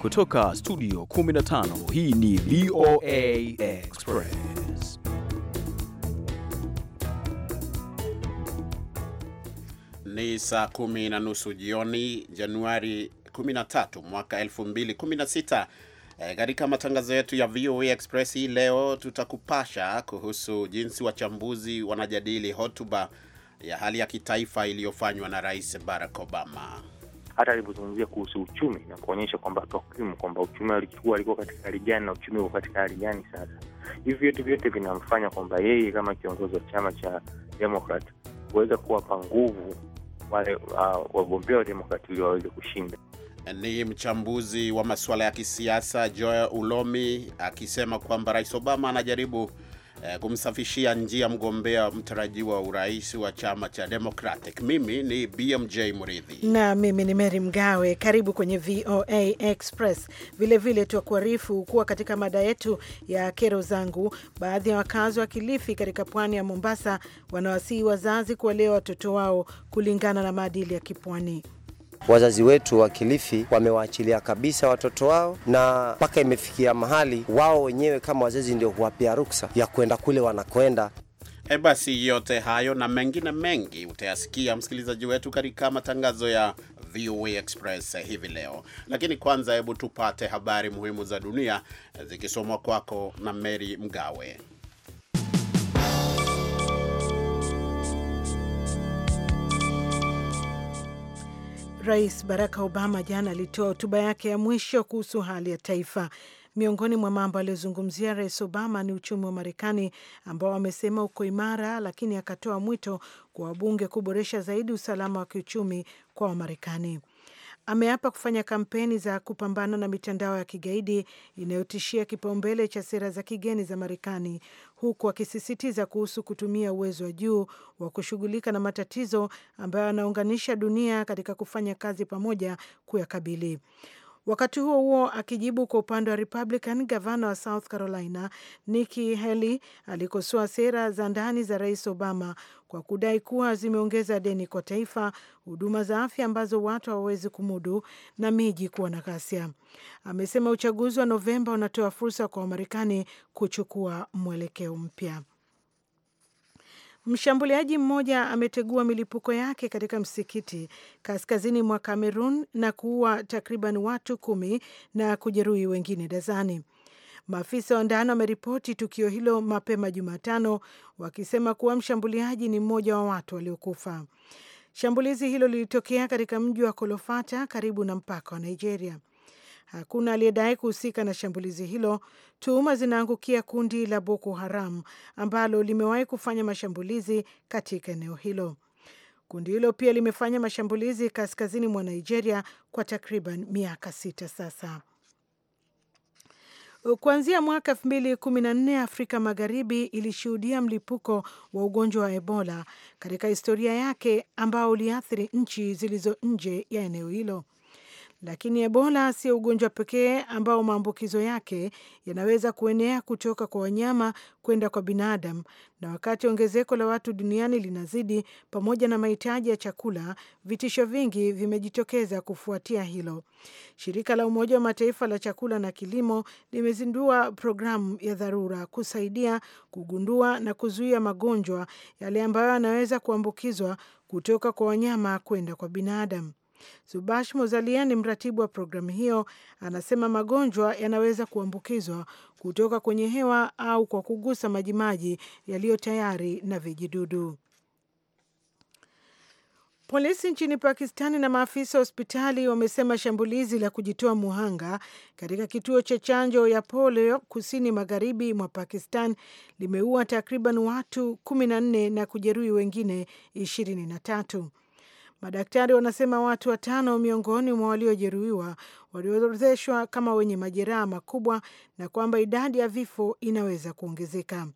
Kutoka studio 15 hii ni VOA Express. Ni saa kumi na nusu jioni Januari 13 mwaka 2016. E, katika e, matangazo yetu ya VOA Express hii leo tutakupasha kuhusu jinsi wachambuzi wanajadili hotuba ya hali ya kitaifa iliyofanywa na Rais Barack Obama hata alivyozungumzia kuhusu uchumi na kuonyesha kwamba takwimu kwamba uchumi alikuwa alikuwa katika hali gani na uchumi uko katika hali gani sasa hivi, vyote vyote vinamfanya kwamba yeye kama kiongozi wa chama cha demokrat kuweza kuwapa nguvu wale uh, wagombea wa Demokrat ili waweze kushinda. Ni mchambuzi wa masuala ya kisiasa Joel Ulomi akisema kwamba Rais Obama anajaribu eh, kumsafishia njia mgombea mtarajiwa wa urais wa chama cha Democratic. Mimi ni BMJ Mridhi na mimi ni Mary Mgawe. Karibu kwenye VOA Express. Vilevile twakuarifu kuwa katika mada yetu ya kero zangu, baadhi ya wakazi wa Kilifi katika pwani ya Mombasa wanawasihi wazazi kuwalea watoto wao kulingana na maadili ya kipwani. Wazazi wetu wa Kilifi wamewaachilia kabisa watoto wao, na mpaka imefikia mahali wao wenyewe kama wazazi ndio huwapia ruksa ya kwenda kule wanakwenda. E, basi yote hayo na mengine mengi utayasikia msikilizaji wetu katika matangazo ya VOA Express hivi leo, lakini kwanza, hebu tupate habari muhimu za dunia eh, zikisomwa kwako na Mary Mgawe. Rais Barack Obama jana alitoa hotuba yake ya mwisho kuhusu hali ya taifa. Miongoni mwa mambo aliyozungumzia Rais Obama ni uchumi wa Marekani ambao amesema uko imara, lakini akatoa mwito kwa wabunge kuboresha zaidi usalama wa kiuchumi kwa Wamarekani ameapa kufanya kampeni za kupambana na mitandao ya kigaidi inayotishia kipaumbele cha sera za kigeni za Marekani, huku akisisitiza kuhusu kutumia uwezo wa juu wa kushughulika na matatizo ambayo anaunganisha dunia katika kufanya kazi pamoja kuyakabili. Wakati huo huo, akijibu kwa upande wa Republican, gavana wa South Carolina Nikki Haley alikosoa sera za ndani za Rais Obama kwa kudai kuwa zimeongeza deni kwa taifa, huduma za afya ambazo watu hawawezi kumudu na miji kuwa na ghasia. Amesema uchaguzi wa Novemba unatoa fursa kwa Wamarekani kuchukua mwelekeo mpya. Mshambuliaji mmoja ametegua milipuko yake katika msikiti kaskazini mwa Kamerun na kuua takriban watu kumi na kujeruhi wengine dazani. Maafisa wa ndani wameripoti tukio hilo mapema Jumatano wakisema kuwa mshambuliaji ni mmoja wa watu waliokufa. Shambulizi hilo lilitokea katika mji wa Kolofata karibu na mpaka wa Nigeria. Hakuna aliyedai kuhusika na shambulizi hilo. Tuhuma zinaangukia kundi la Boko Haram ambalo limewahi kufanya mashambulizi katika eneo hilo. Kundi hilo pia limefanya mashambulizi kaskazini mwa Nigeria kwa takriban miaka sita sasa. Kuanzia mwaka kumi na nne Afrika Magharibi ilishuhudia mlipuko wa ugonjwa wa Ebola katika historia yake ambao uliathiri nchi zilizo nje ya eneo hilo. Lakini Ebola sio ugonjwa pekee ambao maambukizo yake yanaweza kuenea kutoka kwa wanyama kwenda kwa binadamu, na wakati ongezeko la watu duniani linazidi, pamoja na mahitaji ya chakula, vitisho vingi vimejitokeza kufuatia hilo. Shirika la Umoja wa Mataifa la chakula na kilimo limezindua programu ya dharura kusaidia kugundua na kuzuia magonjwa yale ambayo yanaweza kuambukizwa kutoka kwa wanyama kwenda kwa binadamu subash Mozalia ni mratibu wa programu hiyo, anasema magonjwa yanaweza kuambukizwa kutoka kwenye hewa au kwa kugusa majimaji yaliyo tayari na vijidudu. Polisi nchini Pakistani na maafisa wa hospitali wamesema shambulizi la kujitoa muhanga katika kituo cha chanjo ya polio kusini magharibi mwa Pakistan limeua takriban watu 14 na kujeruhi wengine na tatu Madaktari wanasema watu watano miongoni mwa waliojeruhiwa waliorodheshwa kama wenye majeraha makubwa na kwamba idadi ya vifo inaweza kuongezeka.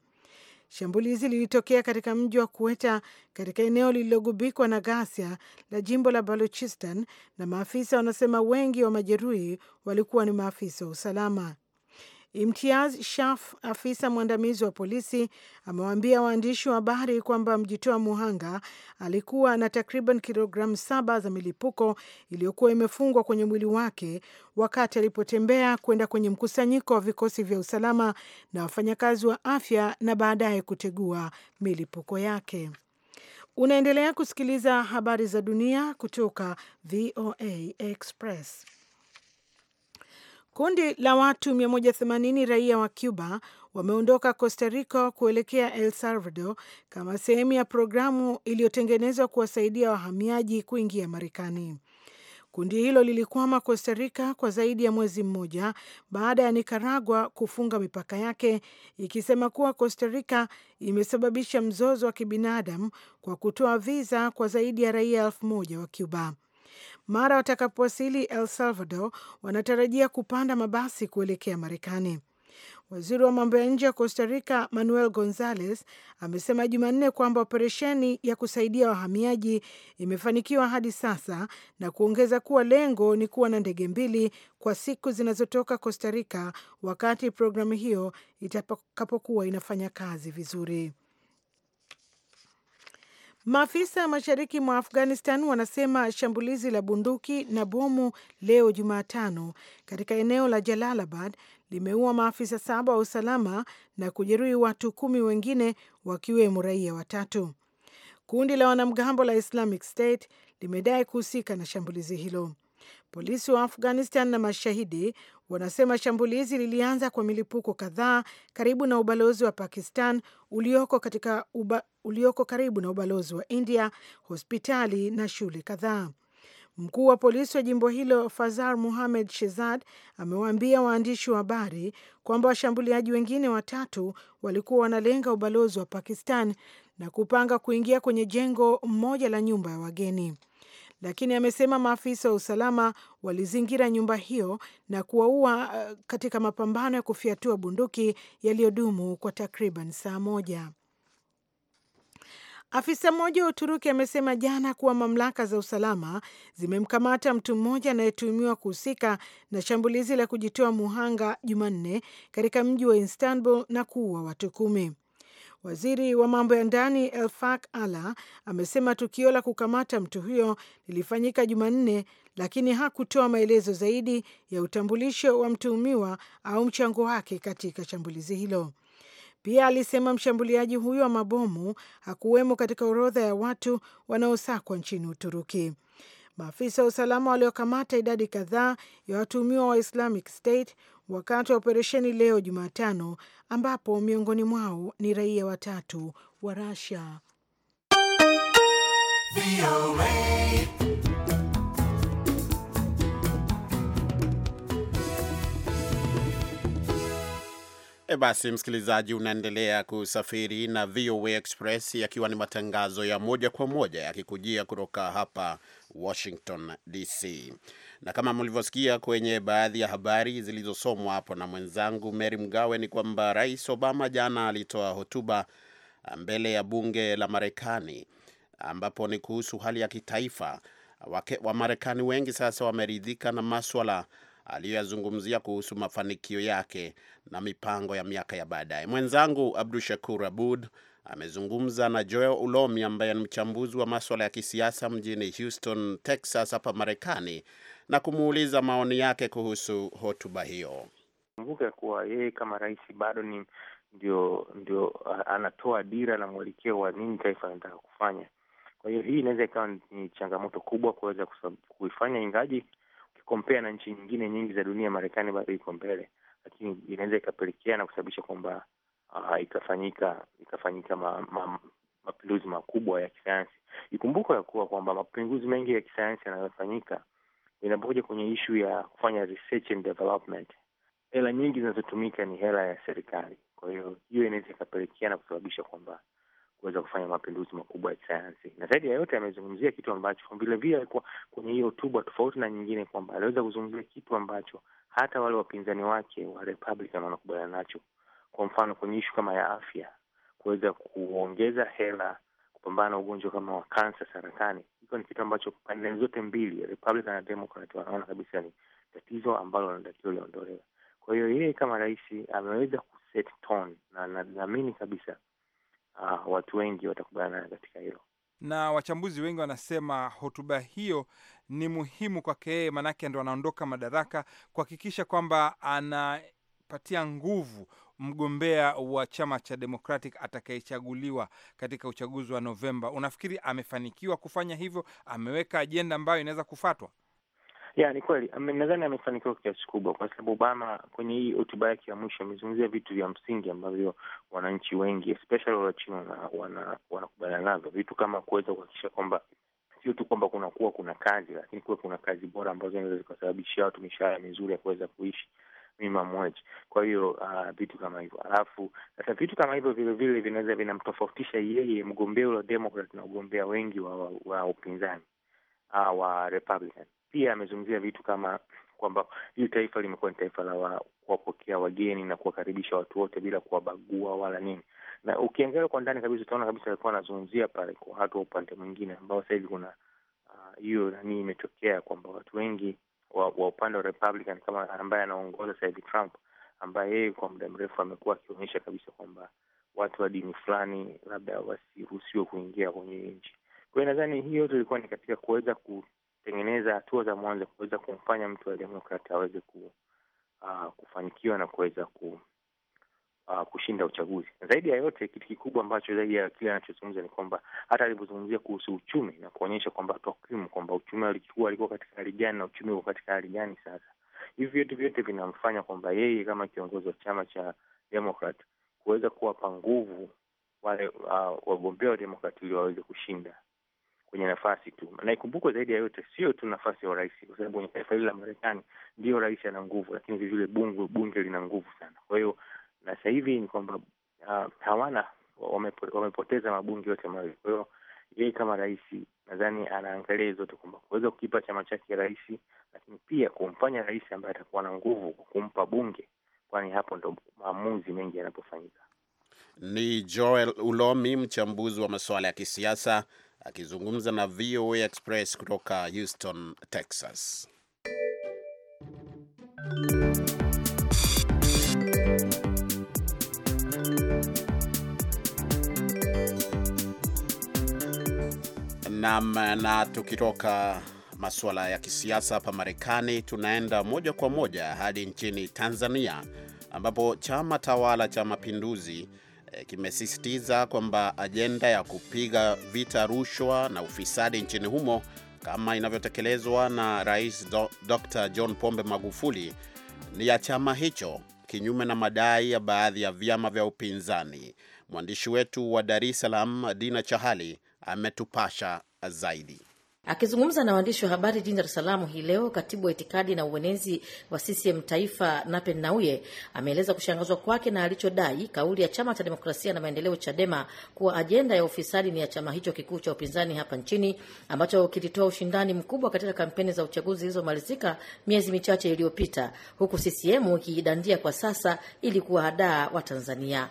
Shambulizi lilitokea katika mji wa Kuweta katika eneo lililogubikwa na ghasia la jimbo la Baluchistan, na maafisa wanasema wengi wa majeruhi walikuwa ni maafisa wa usalama. Imtiaz Shaf, afisa mwandamizi wa polisi, amewaambia waandishi wa habari kwamba mjitoa muhanga alikuwa na takriban kilogramu saba za milipuko iliyokuwa imefungwa kwenye mwili wake wakati alipotembea kwenda kwenye mkusanyiko wa vikosi vya usalama na wafanyakazi wa afya na baadaye kutegua milipuko yake. Unaendelea kusikiliza habari za dunia kutoka VOA Express. Kundi la watu 180 raia wa Cuba wameondoka Costa Rica kuelekea El Salvador kama sehemu ya programu iliyotengenezwa kuwasaidia wahamiaji kuingia Marekani. Kundi hilo lilikwama Costa Rica kwa zaidi ya mwezi mmoja baada ya nikaragua kufunga mipaka yake ikisema kuwa Costa Rica imesababisha mzozo wa kibinadamu kwa kutoa viza kwa zaidi ya raia elfu moja wa Cuba. Mara watakapowasili El Salvador, wanatarajia kupanda mabasi kuelekea Marekani. Waziri wa mambo ya nje wa Costa Rica Manuel gonzales amesema Jumanne kwamba operesheni ya kusaidia wahamiaji imefanikiwa hadi sasa na kuongeza kuwa lengo ni kuwa na ndege mbili kwa siku zinazotoka Costa Rica wakati programu hiyo itakapokuwa inafanya kazi vizuri. Maafisa mashariki mwa Afghanistan wanasema shambulizi la bunduki na bomu leo Jumatano katika eneo la Jalalabad limeua maafisa saba wa usalama na kujeruhi watu kumi wengine wakiwemo raia watatu. Kundi la wanamgambo la Islamic State limedai kuhusika na shambulizi hilo. Polisi wa Afghanistan na mashahidi wanasema shambulizi lilianza kwa milipuko kadhaa karibu na ubalozi wa Pakistan ulioko katika uba, ulioko karibu na ubalozi wa India, hospitali na shule kadhaa. Mkuu wa polisi wa jimbo hilo Fazar Muhamed Shezad amewaambia waandishi wa habari kwamba washambuliaji wengine watatu walikuwa wanalenga ubalozi wa Pakistan na kupanga kuingia kwenye jengo mmoja la nyumba ya wageni, lakini amesema maafisa wa usalama walizingira nyumba hiyo na kuwaua eh, katika mapambano ya kufiatua bunduki yaliyodumu kwa takriban saa moja. Afisa mmoja wa Uturuki amesema jana kuwa mamlaka za usalama zimemkamata mtu mmoja anayetuhumiwa kuhusika na shambulizi la kujitoa muhanga Jumanne katika mji wa Istanbul na kuua watu kumi. Waziri wa mambo ya ndani Elfak Ala amesema tukio la kukamata mtu huyo lilifanyika Jumanne, lakini hakutoa maelezo zaidi ya utambulisho wa mtuhumiwa au mchango wake katika shambulizi hilo. Pia alisema mshambuliaji huyo wa mabomu hakuwemo katika orodha ya watu wanaosakwa nchini Uturuki. Maafisa wa usalama waliokamata idadi kadhaa ya watuhumiwa wa Islamic State wakati wa operesheni leo Jumatano, ambapo miongoni mwao ni raia watatu wa rasia E basi, msikilizaji, unaendelea kusafiri na VOA Express yakiwa ni matangazo ya moja kwa moja yakikujia kutoka hapa Washington DC, na kama mlivyosikia kwenye baadhi ya habari zilizosomwa hapo na mwenzangu Mary Mgawe ni kwamba Rais Obama jana alitoa hotuba ah, mbele ya bunge la Marekani ambapo ni kuhusu hali ya kitaifa. Wamarekani wengi sasa wameridhika na maswala aliyoyazungumzia kuhusu mafanikio yake na mipango ya miaka ya baadaye. Mwenzangu Abdu Shakur Abud amezungumza na Joel Ulomi ambaye ni mchambuzi wa maswala ya kisiasa mjini Houston, Texas hapa Marekani na kumuuliza maoni yake kuhusu hotuba hiyo. Kumbuka kuwa yeye kama rais bado ni ndio ndio uh, anatoa dira na mwelekeo wa nini taifa anataka kufanya. Kwa hiyo hii inaweza ikawa ni changamoto kubwa kuweza kuifanya, ingaji kompea na nchi nyingine nyingi za dunia, Marekani bado iko mbele, lakini inaweza ikapelekea na kusababisha kwamba uh, ah, ikafanyika ikafanyika mapinduzi ma, mapinduzi makubwa ya kisayansi. Ikumbuka ya kuwa kwamba mapinduzi mengi ya kisayansi yanayofanyika inapokuja kwenye ishu ya kufanya research and development, hela nyingi zinazotumika ni hela ya serikali. Kwa hiyo hiyo inaweza ikapelekea na kusababisha kwamba kuweza kufanya mapinduzi makubwa ya kisayansi. Na zaidi ya yote, amezungumzia kitu ambacho vilevile alikuwa kwenye hiyo hotuba, tofauti na nyingine, kwamba aliweza kuzungumzia kitu ambacho hata wale wapinzani wake wa Republican wanakubaliana nacho, kwa mfano kwenye ishu kama ya afya, kuweza kuongeza hela kupambana na ugonjwa kama wa kansa, saratani. Hiko ni kitu ambacho pande zote mbili, Republican na Democrat, wanaona kabisa ni tatizo ambalo wanatakiwa liondolewa. Kwa hiyo yeye kama rais ameweza kuset tone, na naamini kabisa uh, watu wengi watakubaliana nayo katika hilo na wachambuzi wengi wanasema hotuba hiyo ni muhimu kwake yeye, maanake ndo anaondoka madaraka, kuhakikisha kwamba anapatia nguvu mgombea wa chama cha Democratic atakayechaguliwa katika uchaguzi wa Novemba. Unafikiri amefanikiwa kufanya hivyo? Ameweka ajenda ambayo inaweza kufatwa? Yeah, ni kweli, nadhani amefanikiwa kiasi kubwa, kwa sababu Obama kwenye hii hotuba yake ya mwisho amezungumzia vitu vya msingi ambavyo wananchi wengi especially wachina wanakubaliana wana, wana navyo, vitu kama kuweza kuhakikisha kwamba sio tu kwamba kunakuwa kuna kazi, lakini kuwe kuna kazi bora ambazo zinaweza zikasababishia watu mishahara mizuri ya kuweza kuishi minimum wage. Kwa hiyo uh, vitu kama hivyo, alafu sasa vitu kama hivyo vilevile vinaweza vinamtofautisha yeye mgombea ule wa Democrat na ugombea wengi wa, wa, wa upinzani uh, wa Republican pia amezungumzia vitu kama kwamba hili taifa limekuwa ni taifa la kuwapokea wageni na kuwakaribisha watu wote bila kuwabagua wala nini, na ukiangalia kwa ndani kabisa utaona kabisa alikuwa anazungumzia pale kwa watu wa upande mwingine ambao sasa hivi kuna uh, hiyo uh, nanii imetokea kwamba watu wengi wa, wa upande wa Republican kama ambaye anaongoza sasa hivi Trump, ambaye yeye kwa muda mrefu amekuwa akionyesha kabisa kwamba watu wa dini fulani labda wasiruhusiwe kuingia kwenye nchi. Kwa hiyo nadhani hii yote ilikuwa ni katika kuweza ku kutengeneza hatua za mwanzo kuweza kumfanya mtu wa Demokrat aweze ku, uh, kufanikiwa na kuweza ku, uh, kushinda uchaguzi. Zaidi ya yote, kitu kikubwa ambacho zaidi ya kile anachozungumza ni kwamba hata alivyozungumzia kuhusu uchumi na kuonyesha kwamba takwimu kwamba uchumi alikua alikuwa katika hali gani na uchumi uko katika hali gani sasa hivi vyote vyote vinamfanya kwamba yeye kama kiongozi wa chama cha demokrat kuweza kuwapa nguvu wale uh, wagombea wa Demokrat ili waweze kushinda kwenye nafasi tu, na ikumbukwe zaidi ya yote, sio tu nafasi ya urais, kwa sababu kwenye taifa hili la Marekani ndio rais ana nguvu, lakini vilevile bunge bunge lina nguvu sana. Kwa hiyo na sasa hivi ni kwamba uh, hawana wamepo, wamepoteza mabunge yote mawili. Kwa hiyo yeye kama rais nadhani anaangalia zote kwamba kuweza kukipa chama chake rais, lakini pia kumfanya rais ambaye atakuwa na nguvu kumpa bunge, kwani hapo ndo maamuzi mengi yanapofanyika. Ni Joel Ulomi, mchambuzi wa masuala ya kisiasa akizungumza na VOA Express kutoka Houston, Texas. Nam, na tukitoka masuala ya kisiasa hapa Marekani, tunaenda moja kwa moja hadi nchini Tanzania ambapo chama tawala cha Mapinduzi kimesisitiza kwamba ajenda ya kupiga vita rushwa na ufisadi nchini humo kama inavyotekelezwa na Rais Dr. John Pombe Magufuli ni ya chama hicho, kinyume na madai ya baadhi ya vyama vya upinzani. Mwandishi wetu wa Dar es Salaam Dina Chahali ametupasha zaidi. Akizungumza na waandishi wa habari jijini Dar es Salaam hii leo, katibu wa itikadi na uenezi wa CCM Taifa, Nape Nnauye, ameeleza kushangazwa kwake na alichodai kauli ya Chama cha Demokrasia na Maendeleo, CHADEMA, kuwa ajenda ya ufisadi ni ya chama hicho kikuu cha upinzani hapa nchini ambacho kilitoa ushindani mkubwa katika kampeni za uchaguzi zilizomalizika miezi michache iliyopita, huku CCM ikiidandia kwa sasa ili kuwahadaa Watanzania.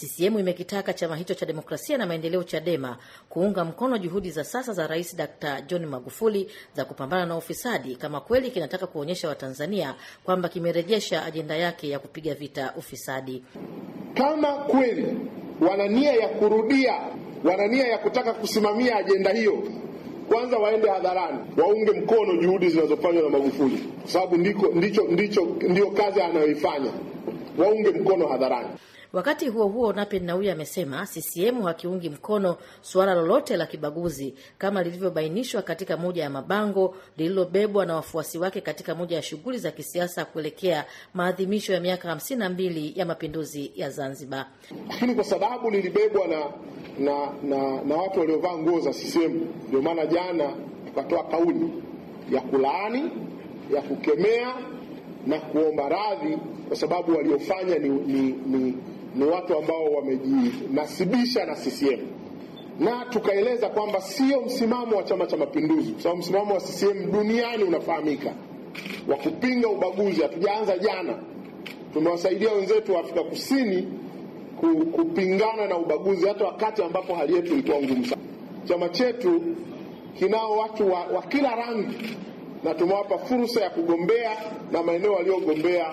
CCM imekitaka chama hicho cha Demokrasia na Maendeleo, CHADEMA, kuunga mkono juhudi za sasa za Rais Dkt. John Magufuli za kupambana na ufisadi kama kweli kinataka kuonyesha Watanzania kwamba kimerejesha ajenda yake ya kupiga vita ufisadi. Kama kweli wana nia ya kurudia, wana nia ya kutaka kusimamia ajenda hiyo, kwanza waende hadharani waunge mkono juhudi zinazofanywa na Magufuli, kwa sababu ndicho ndio kazi anayoifanya. Waunge mkono hadharani. Wakati huo huo, Nape Nnauye amesema CCM hakiungi mkono suala lolote la kibaguzi kama lilivyobainishwa katika moja ya mabango lililobebwa na wafuasi wake katika moja ya shughuli za kisiasa kuelekea maadhimisho ya miaka hamsini mbili ya mapinduzi ya Zanzibar. Lakini kwa sababu lilibebwa na, na, na, na watu waliovaa nguo za CCM, ndio maana jana tukatoa kauli ya kulaani, ya kukemea na kuomba radhi kwa sababu waliofanya ni, ni, ni ni watu ambao wamejinasibisha na CCM na tukaeleza kwamba sio msimamo wa Chama cha Mapinduzi, kwa sababu msimamo wa CCM duniani unafahamika wa kupinga ubaguzi. Hatujaanza jana, tumewasaidia wenzetu wa Afrika Kusini kupingana na ubaguzi hata wakati ambapo hali yetu ilikuwa ngumu sana. Chama chetu kinao watu wa, wa kila rangi na tumewapa fursa ya kugombea na maeneo waliogombea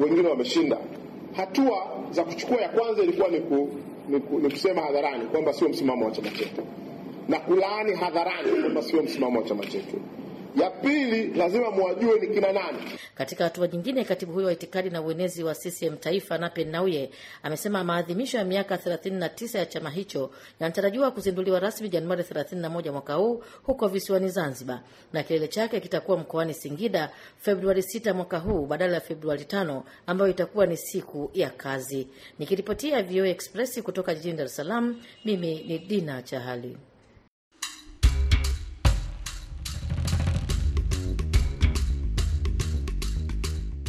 wengine wameshinda hatua za kuchukua, ya kwanza ilikuwa ni, ku, ni, ku, ni kusema hadharani kwamba sio msimamo wa chama chetu na kulaani hadharani kwamba sio msimamo wa chama chetu. Ya pili, lazima mwajue ni kina nani. Katika hatua nyingine, katibu huyo wa itikadi na uenezi wa CCM Taifa, Nape Nnauye, amesema maadhimisho ya miaka 39 ya chama hicho yanatarajiwa kuzinduliwa rasmi Januari 31 mwaka huu huko visiwani Zanzibar, na kilele chake kitakuwa mkoani Singida Februari 6 mwaka huu badala ya Februari 5 ambayo itakuwa ni siku ya kazi. Nikiripotia VOA Express kutoka jijini Dar es Salaam, mimi ni Dina Chahali.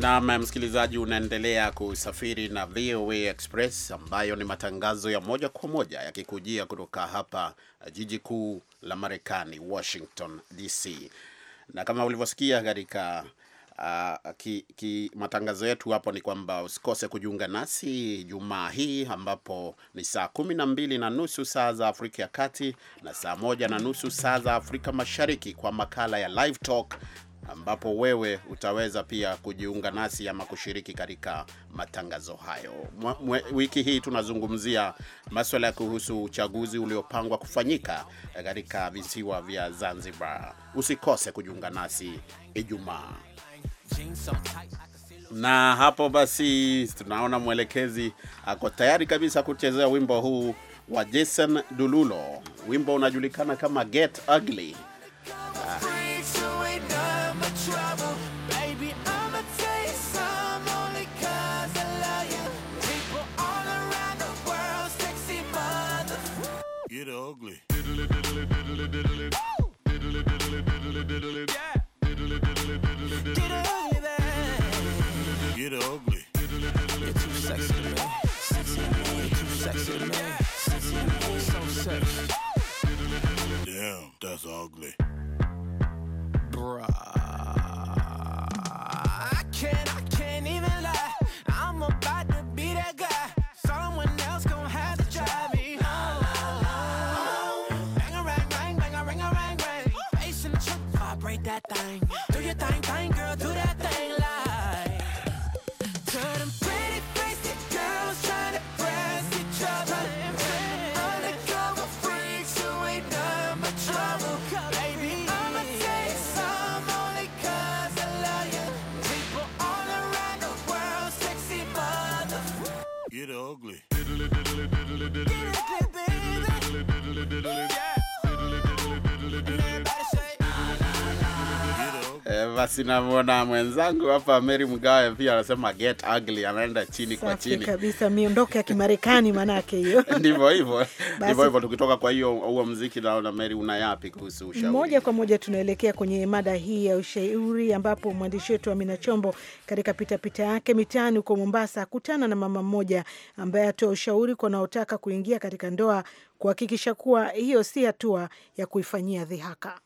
Naam, msikilizaji, unaendelea kusafiri na VOA Express ambayo ni matangazo ya moja kwa moja yakikujia kutoka hapa eh, jiji kuu la Marekani, Washington DC, na kama ulivyosikia katika Uh, ki, ki matangazo yetu hapo ni kwamba usikose kujiunga nasi Jumaa hii ambapo ni saa kumi na mbili na nusu saa za Afrika ya Kati na saa moja na nusu saa za Afrika Mashariki kwa makala ya Live Talk ambapo wewe utaweza pia kujiunga nasi ama kushiriki katika matangazo hayo. Mwe, wiki hii tunazungumzia maswala ya kuhusu uchaguzi uliopangwa kufanyika katika visiwa vya Zanzibar. Usikose kujiunga nasi Ijumaa. Na hapo basi, tunaona mwelekezi ako tayari kabisa kuchezea wimbo huu wa Jason Dululo. Wimbo unajulikana kama Get Ugly. That's ugly. Bruh. I can't, I can't even lie. I'm about to be that guy. Someone else gon' have to drive me oh, oh, oh. Bang a bang, a ring a in the vibrate that thing. Do your thing, thing, girl, do that thing. Like basi namwona mwenzangu hapa Mary Mgawe pia anasema get ugly, anaenda chini Safi kwa chini kabisa, miondoke ya Kimarekani manake hiyo ndivyo hivyo ndivyo hivyo. Tukitoka kwa hiyo huo mziki, naona Mary una yapi kuhusu ushauri? Moja kwa moja tunaelekea kwenye mada hii ya ushauri, ambapo mwandishi wetu Amina Chombo katika pitapita yake mitaani huko Mombasa akutana na mama mmoja ambaye atoa ushauri kwa wanaotaka kuingia katika ndoa, kuhakikisha kuwa hiyo si hatua ya kuifanyia dhihaka.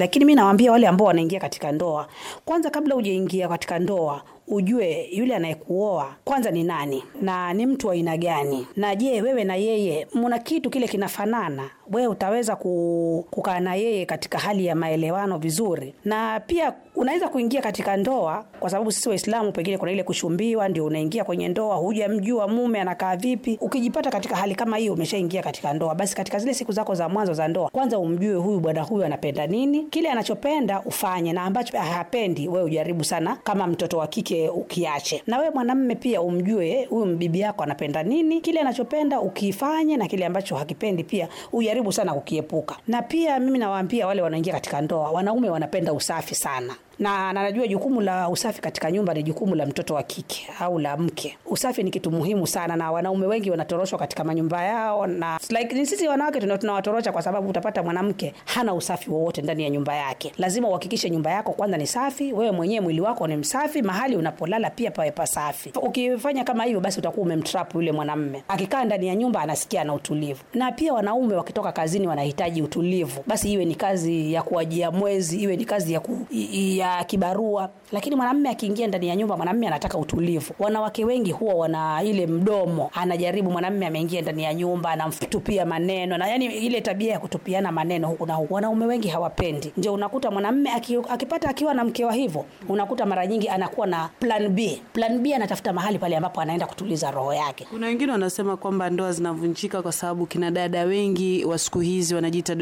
Lakini mi nawaambia wale ambao wanaingia katika ndoa, kwanza, kabla hujaingia katika ndoa, ujue yule anayekuoa kwanza ni nani na ni mtu wa aina gani, na je, wewe na yeye muna kitu kile kinafanana, wewe utaweza kukaa na yeye katika hali ya maelewano vizuri, na pia unaweza kuingia katika ndoa, kwa sababu sisi Waislamu pengine kuna ile kushumbiwa, ndio unaingia kwenye ndoa, hujamjua mume anakaa vipi. Ukijipata katika hali kama hiyo, umeshaingia katika ndoa, basi katika zile siku zako za mwanzo za ndoa, kwanza umjue huyu bwana huyu anapenda nini, kile anachopenda ufanye, na ambacho hapendi wewe ujaribu sana, kama mtoto wa kike mke ukiache. Na wewe mwanamme pia umjue huyu mbibi yako anapenda nini, kile anachopenda ukifanye, na kile ambacho hakipendi pia ujaribu sana kukiepuka. Na pia mimi nawaambia wale wanaingia katika ndoa, wanaume wanapenda usafi sana na, najua jukumu la usafi katika nyumba ni jukumu la mtoto wa kike au la mke. Usafi ni kitu muhimu sana, na wanaume wengi wanatoroshwa katika manyumba yao, na like, ni sisi wanawake tunawatorosha, kwa sababu utapata mwanamke hana usafi wowote ndani ya nyumba yake. Lazima uhakikishe nyumba yako kwanza ni safi, wewe mwenyewe mwili wako ni msafi, mahali unapolala pia pawe pasafi. Ukifanya kama hivyo, basi utakuwa umemtrap yule mwanamme. Akikaa ndani ya nyumba anasikia na utulivu, na pia wanaume wakitoka kazini wanahitaji utulivu. Basi iwe ni kazi ya kuajia mwezi, iwe ni kazi ya, ku, ya uh, kibarua, lakini mwanamme akiingia ndani ya nyumba, mwanamume anataka utulivu. Wanawake wengi huwa wana ile mdomo, anajaribu mwanamme ameingia ndani ya nyumba, anamtupia maneno na yani ile tabia ya kutupiana maneno huku na huku, wanaume wengi hawapendi. Ndio unakuta mwanamme akipata akiwa na mkewa hivyo, unakuta mara nyingi anakuwa na plan B. Plan B anatafuta mahali pale ambapo anaenda kutuliza roho yake. Kuna wengine wanasema kwamba ndoa zinavunjika kwa sababu kina dada wengi wa siku hizi wanajiita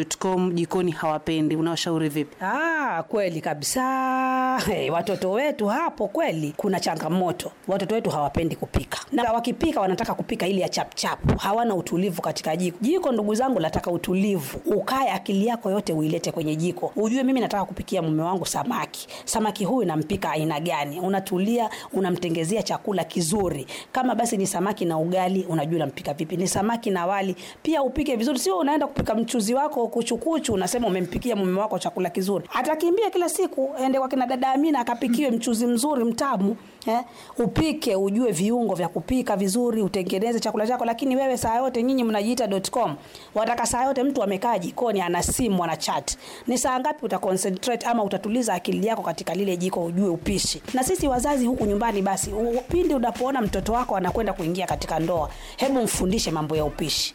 jikoni hawapendi. Unawashauri vipi? Ah, kweli kabisa. hey, watoto wetu hapo kweli kuna changamoto. Watoto wetu hawapendi kupika, na wakipika wanataka kupika ili ya chapchap hawana utulivu katika jiko. Jiko ndugu zangu, nataka utulivu, ukae akili yako yote uilete kwenye jiko, ujue mimi nataka kupikia mume wangu samaki. Samaki huyu nampika aina gani? Unatulia, unamtengezea chakula kizuri, kama basi ni samaki na ugali, unajua nampika vipi. Ni samaki na wali pia upike vizuri, sio unaenda kupika mchuzi wako kuchukuchu, unasema umempikia mume wako chakula kizuri. Atakimbia kila siku ende kwa kina dada Amina akapikiwe mchuzi mzuri mtamu eh, upike ujue viungo vya kupika vizuri, utengeneze chakula chako. Lakini wewe saa yote nyinyi mnajiita.com, wataka saa yote mtu amekaa jikoni ana simu ana chat. Ni saa ngapi uta concentrate ama utatuliza akili yako katika lile jiko, ujue upishi? Na sisi wazazi huku nyumbani, basi pindi unapoona mtoto wako anakwenda kuingia katika ndoa, hebu mfundishe mambo ya upishi.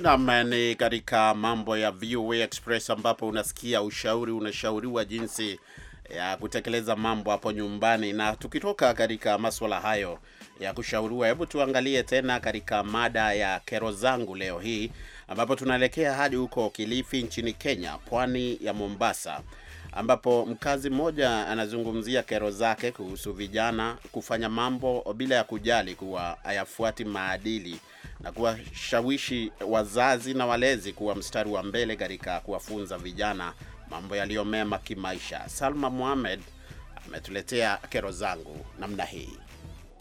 nam ni katika mambo ya VOA Express ambapo unasikia ushauri, unashauriwa jinsi ya kutekeleza mambo hapo nyumbani. Na tukitoka katika maswala hayo ya kushauriwa, hebu tuangalie tena katika mada ya kero zangu leo hii, ambapo tunaelekea hadi huko Kilifi nchini Kenya, pwani ya Mombasa ambapo mkazi mmoja anazungumzia kero zake kuhusu vijana kufanya mambo bila ya kujali kuwa hayafuati maadili na kuwashawishi wazazi na walezi kuwa mstari wa mbele katika kuwafunza vijana mambo yaliyomema kimaisha. Salma muhamed ametuletea kero zangu namna hii.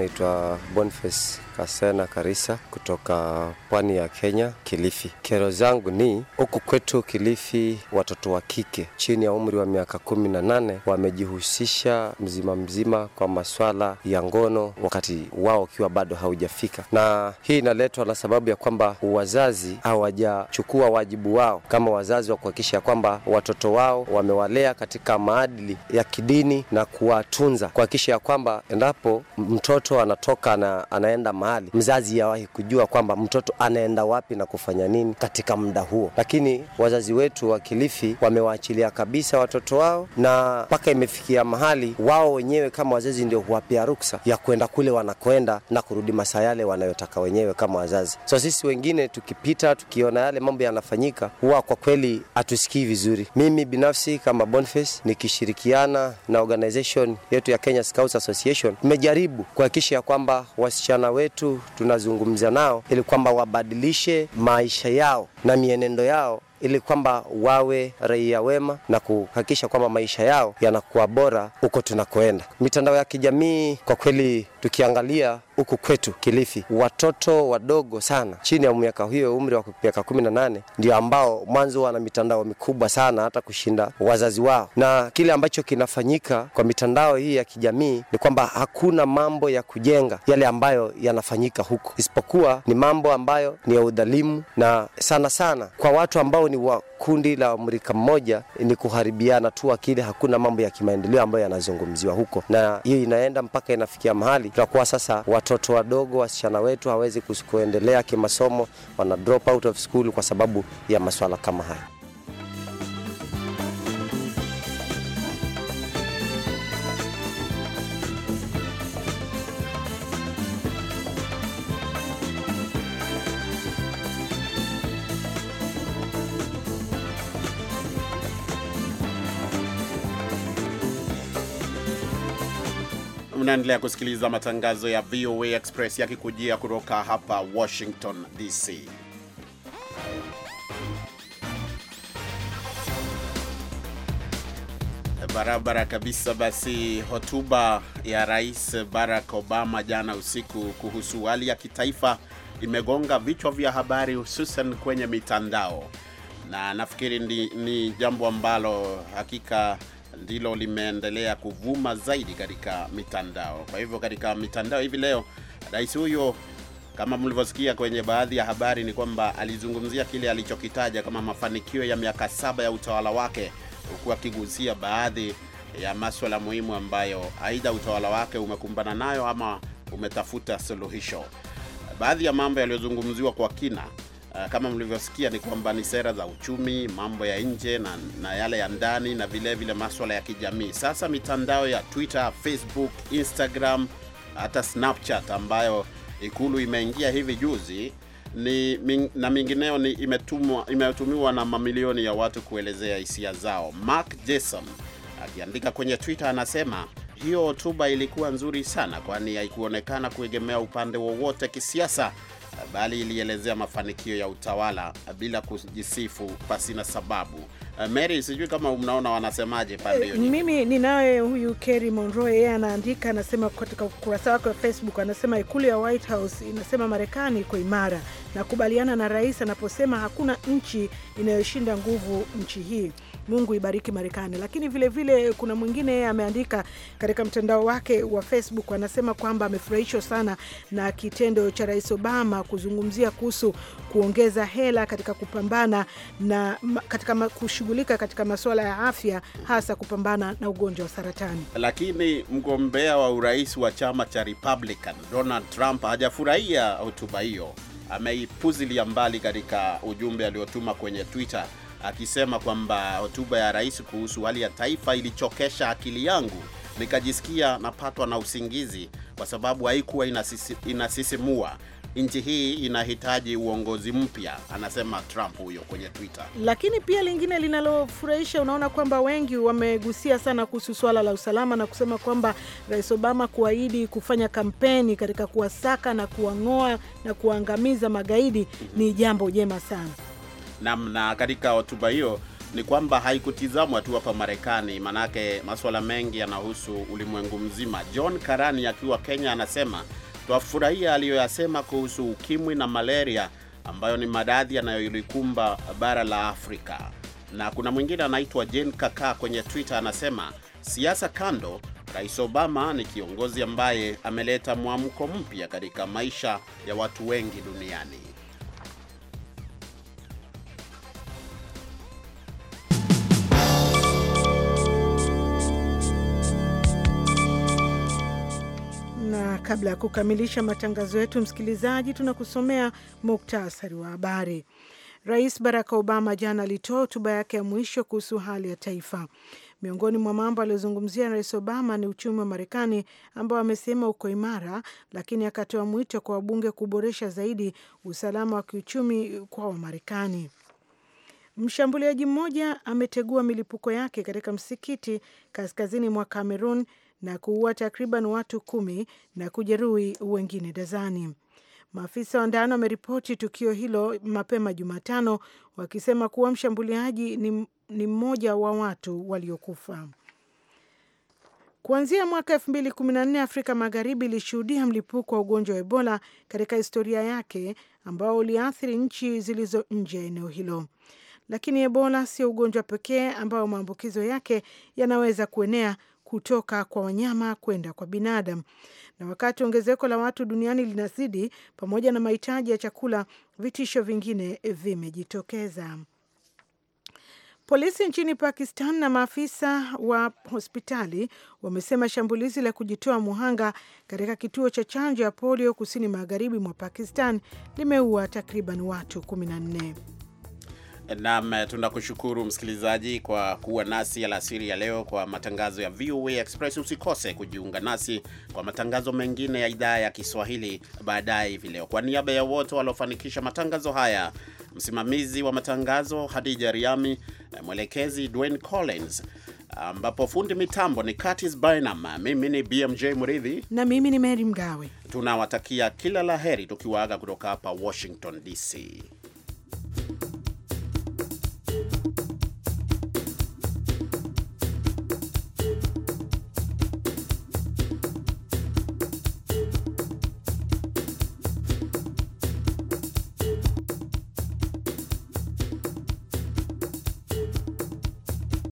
Naitwa Boniface Kasena Karisa kutoka pwani ya Kenya, Kilifi. Kero zangu ni huku kwetu Kilifi, watoto wa kike chini ya umri wa miaka kumi na nane wamejihusisha mzima mzima kwa maswala ya ngono wakati wao ukiwa bado haujafika, na hii inaletwa na sababu ya kwamba wazazi hawajachukua wajibu wao kama wazazi wa kuhakikisha kwamba watoto wao wamewalea katika maadili ya kidini na kuwatunza, kuhakikisha ya kwamba endapo mtoto mtoto anatoka na anaenda mahali, mzazi yawahi kujua kwamba mtoto anaenda wapi na kufanya nini katika muda huo. Lakini wazazi wetu wa Kilifi wamewaachilia kabisa watoto wao, na mpaka imefikia mahali wao wenyewe kama wazazi ndio huwapia ruksa ya kwenda kule wanakwenda na kurudi masaa yale wanayotaka wenyewe kama wazazi. So sisi wengine tukipita, tukiona yale mambo yanafanyika, huwa kwa kweli hatusikii vizuri. Mimi binafsi kama Boniface nikishirikiana na organization yetu ya Kenya Scouts Association tumejaribu kwa kuhakikisha kwamba wasichana wetu tunazungumza nao ili kwamba wabadilishe maisha yao na mienendo yao ili kwamba wawe raia wema na kuhakikisha kwamba maisha yao yanakuwa bora huko tunakoenda. Mitandao ya kijamii kwa kweli, tukiangalia huku kwetu Kilifi, watoto wadogo sana chini ya miaka hiyo, umri wa miaka kumi na nane ndio ambao mwanzo wana mitandao mikubwa sana hata kushinda wazazi wao. Na kile ambacho kinafanyika kwa mitandao hii ya kijamii ni kwamba hakuna mambo ya kujenga yale ambayo yanafanyika huko, isipokuwa ni mambo ambayo ni ya udhalimu, na sana sana kwa watu ambao ni wa kundi la mrika mmoja, ni kuharibiana tu akili. Hakuna mambo ya kimaendeleo ambayo yanazungumziwa huko, na hiyo inaenda mpaka inafikia mahali tutakuwa sasa watu watoto wadogo, wasichana wetu hawezi kuendelea kimasomo, wana drop out of school kwa sababu ya masuala kama haya. Mnaendelea kusikiliza matangazo ya VOA Express yakikujia kutoka hapa Washington DC. Barabara kabisa. Basi, hotuba ya Rais Barack Obama jana usiku kuhusu hali ya kitaifa imegonga vichwa vya habari, hususan kwenye mitandao, na nafikiri ni, ni jambo ambalo hakika ndilo limeendelea kuvuma zaidi katika mitandao. Kwa hivyo katika mitandao hivi leo, rais huyo kama mlivyosikia kwenye baadhi ya habari ni kwamba alizungumzia kile alichokitaja kama mafanikio ya miaka saba ya utawala wake, huku akigusia baadhi ya maswala muhimu ambayo aidha utawala wake umekumbana nayo ama umetafuta suluhisho. Baadhi ya mambo yaliyozungumziwa kwa kina uh, kama mlivyosikia ni kwamba ni sera za uchumi, mambo ya nje na, na yale ya ndani na vilevile maswala ya kijamii. Sasa mitandao ya Twitter, Facebook, Instagram hata Snapchat ambayo ikulu imeingia hivi juzi ni na mingineo ni imetumiwa na mamilioni ya watu kuelezea hisia zao. Mark Jason akiandika kwenye Twitter anasema hiyo hotuba ilikuwa nzuri sana, kwani haikuonekana kuegemea upande wowote kisiasa, bali ilielezea mafanikio ya utawala bila kujisifu pasina sababu. Eh, Mary, sijui kama mnaona wanasemaje pande eh, hiyo. Mimi ninaye huyu Kerry Monroe, yeye anaandika, anasema katika ukurasa wake wa Facebook, anasema ikulu ya White House inasema Marekani iko imara. Nakubaliana na rais anaposema hakuna nchi inayoshinda nguvu nchi hii. Mungu ibariki Marekani. Lakini vilevile vile kuna mwingine ameandika katika mtandao wake wa Facebook, anasema kwamba amefurahishwa sana na kitendo cha Rais Obama kuzungumzia kuhusu kuongeza hela katika kupambana na katika kushughulika katika masuala ya afya, hasa kupambana na ugonjwa wa saratani. Lakini mgombea wa urais wa chama cha Republican Donald Trump hajafurahia hotuba hiyo, ameipuzilia mbali katika ujumbe aliotuma kwenye Twitter akisema kwamba hotuba ya rais kuhusu hali ya taifa ilichokesha akili yangu, nikajisikia napatwa na usingizi kwa sababu haikuwa inasisi, inasisimua. Nchi hii inahitaji uongozi mpya, anasema Trump huyo kwenye Twitter. Lakini pia lingine linalofurahisha, unaona kwamba wengi wamegusia sana kuhusu swala la usalama na kusema kwamba Rais Obama kuahidi kufanya kampeni katika kuwasaka na kuwang'oa na kuwaangamiza magaidi mm -hmm. ni jambo jema sana namna katika hotuba hiyo ni kwamba haikutizamwa tu hapa Marekani, manake masuala mengi yanahusu ulimwengu mzima. John Karani akiwa Kenya anasema twafurahia aliyoyasema kuhusu ukimwi na malaria ambayo ni maradhi yanayolikumba bara la Afrika. Na kuna mwingine anaitwa Jane Kaka kwenye Twitter anasema, siasa kando, Rais Obama ni kiongozi ambaye ameleta mwamko mpya katika maisha ya watu wengi duniani. Na kabla ya kukamilisha matangazo yetu, msikilizaji, tunakusomea muktasari wa habari. Rais Barack Obama jana alitoa hotuba yake ya mwisho kuhusu hali ya taifa. Miongoni mwa mambo aliyozungumzia Rais Obama ni uchumi wa Marekani ambao amesema uko imara, lakini akatoa mwito kwa wabunge kuboresha zaidi usalama wa kiuchumi kwa Wamarekani. Mshambuliaji mmoja ametegua milipuko yake katika msikiti kaskazini mwa Cameroon na kuua takriban watu kumi na kujeruhi wengine dazani. Maafisa wa ndani wameripoti tukio hilo mapema Jumatano wakisema kuwa mshambuliaji ni, ni mmoja wa watu waliokufa. Kuanzia mwaka nne Afrika Magharibi ilishuhudia mlipuko wa ugonjwa wa Ebola katika historia yake ambao uliathiri nchi zilizo nje ya eneo hilo. Lakini Ebola sio ugonjwa pekee ambao maambukizo yake yanaweza kuenea kutoka kwa wanyama kwenda kwa binadamu. Na wakati ongezeko la watu duniani linazidi, pamoja na mahitaji ya chakula, vitisho vingine vimejitokeza. Polisi nchini Pakistan na maafisa wa hospitali wamesema shambulizi la kujitoa muhanga katika kituo cha chanjo ya polio kusini magharibi mwa Pakistan limeua takriban watu 14. Naam, eh, tunakushukuru msikilizaji kwa kuwa nasi alasiri ya leo kwa matangazo ya VOA Express. Usikose kujiunga nasi kwa matangazo mengine ya idhaa ya Kiswahili baadaye hivi leo. Kwa niaba ya wote waliofanikisha matangazo haya, msimamizi wa matangazo Hadija Riami, mwelekezi Dwayne Collins, ambapo fundi mitambo ni Curtis Bynum. Mimi ni BMJ mridhi na mimi ni Mary Mgawe. Tunawatakia kila la heri tukiwaaga kutoka hapa Washington DC.